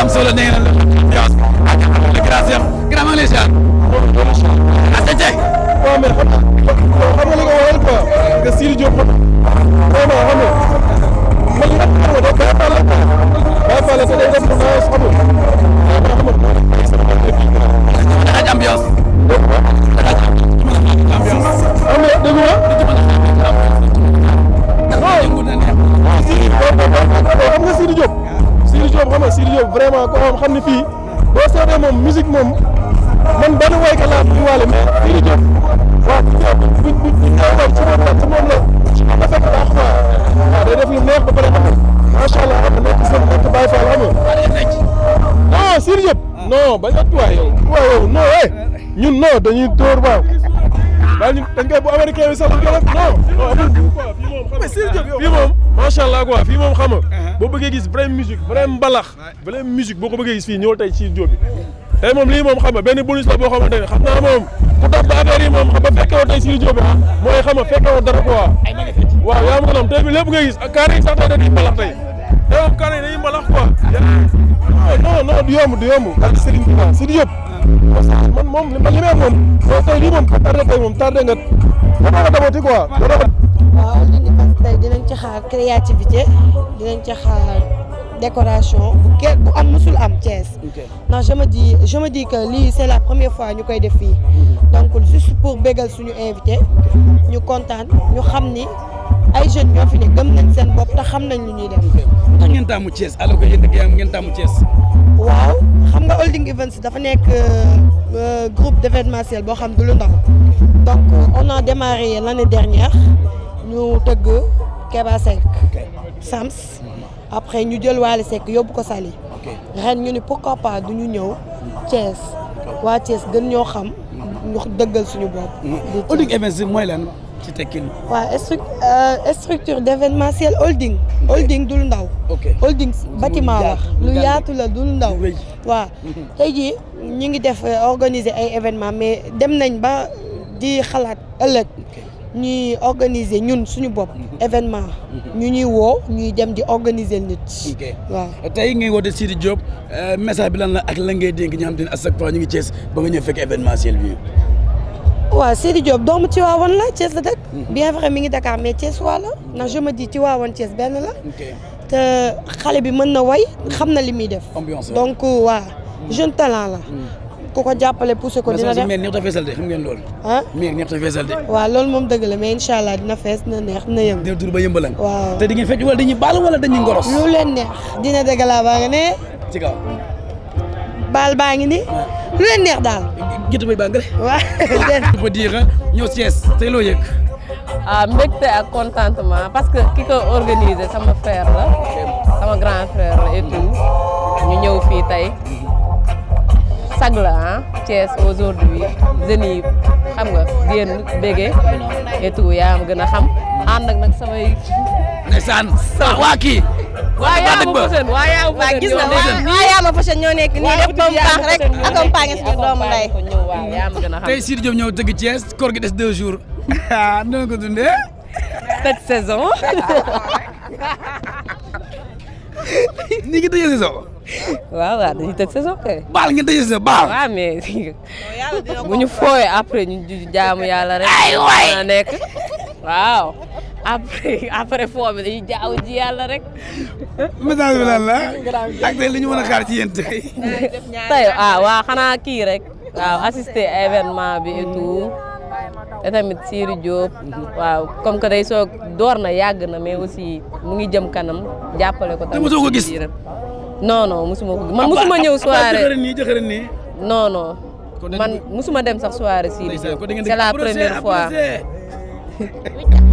am solo nee na la ak grâce yam grand ma ngi lay ziar. waaw mais xam nga li nga waral quoi. vraiment ko xam xam ne boo seetee moom musique moom man benn woykat laa bu ñu waale mais fii di jëf waaw bu ñu bu neex ba pare xam nga macha allah xam nga nekk seen ah, waay yow waaw non eh, ñun non dañuy dóor waaw. daal ñu dañ koy bu américain bi sax dañ koy non non amul kii quoi fii moom xam nga Sidy Diop fii moom macha allah quoi fii moom xam nga boo bëggee gis vraie musique vraie mbalax vraie musique boo ko bëggee gis fii ñëwal tey Sidy Diop bi tey moom lii moom xam nga benn bonus la boo xamante ne xam naa moom ku dab ba affaire yi moom xam nga fekkewoo tey Sidy Diop bi mooy xam nga fekkewoo dara quoi waaw yaa ma ko nam tey bi lépp ngay gis ak carré yi sax tey dañuy mbalax tey tey moom carré yi dañuy mbalax quoi non non du yomb du yomb ak Serigne Touba si di yëpp parce moom li ma li moom moom tey lii moom tardé tey moom nga da nga dabati quoi waaw li parce que tey dinañ ci xaar créativité dinañ ci xaar décoration bu ke bu am musul am Thiès non je me dis je me lii c'est la première fois ñu koy def fii mhm. donc juste pour bégal suñu invité ñu kontaan ñu xam ni ay jeune ñoo fi ne gëm nañ seen bopp te xam nañ lu ñuy def. ndax ngeen taamu Thiès alors que yéen da ngeen taamu Thiès. waaw xam nga holding events dafa nekk euh, groupe d'événementiel boo xam du lu ndaw donc on a démarré l'année dernière ñu tëgg Keba Seck Sams après ñu jël Waly Seck yóbbu ko Saly ren ñu ni pourquoi pas du ñu ñëw Thiès waa Thiès gën ñoo xam mm. ñu dëggal suñu bopp. Mm. holding events mooy leen ci Tekkilu. waaw euh, structure d'événementiel holding. holding dul ndaw. holding bâtiment wax lu yaatu la dul ndaw. waaw tey jii ñu ngi def euh, organiser ay événements mais dem nañ ba di xalaat ëllëg. ñuy organiser ñun suñu bopp mhm. événement mhm. ñu ñuy woo ñuy dem di organiser nit waaw tey ngay woote Sidy Diop euh, message bi lan la ak la ngay dénk ñi xam te ne à chaque fois ñu ngi Thiès ba nga ñëw fekk événementiel bi waaw Sidi Diop doomu Tiwaawan la Thiès la dëkk. bien vrai mi ngi Dakar mais Thiès waa la ndax je me dis Tiwaawan Thiès benn la. te xale bi mën na way mm. xam na li muy def. donc euh, waa mm. jeune talent la. Mm. ku ko jàppale poussé ko dina def mais neex na feesal de xam ngeen loolu. ah mais neex na feesal de. waaw loolu moom dëgg la mais incha allah dina fees na neex na yëngu. dina tur ba yëmbalang. waaw te di ngeen fecc wala dañuy baal wala dañuy ngoros. lu leen neex dina dëgg laa baa nga ne. ci kaw. baal baa ngi ni lu leen neex daal. gerte mooy bàngale. waaw. ba diir ñëw Thiès tey loo yëg. ah mbégte ak contentement parce que ki ko organisé sama frère la grand frère la et tout ñu ñëw fii tey. sag la ah Thiès aujourd'hui jeunes yi xam nga génn bége et tout yaa am gën a xam ànd ak nag samay. ndeysaan waa waa yaa ma fashion waa yaa ma fashion gis nga waa yaa ma ñoo nekk nii def ba mu baax rek accompagner suñu doomu ndey. gi des deux jours. ah ko dundee. cette saison. waaw waaw dañuy tëj saison kay. baal ngeen tëjee saison baal. waaw mais bu ñu fooyee après ñu jaamu yàlla rek. ay waay nekk waaw. après après foo ji yàlla rek. message bi lan la ak tey li ñu mën a ci yéen tey. tey ah xanaa kii rek. waaw assister événement bi et tout. te tamit Siri waaw comme que day soog door na yàgg na mais aussi mu ngi jëm kanam jàppale ko. tamit ko gis non no musuma ko man musuma ñëw soirée jëkkër nii man musuma dem sax soirée si c'est la première fois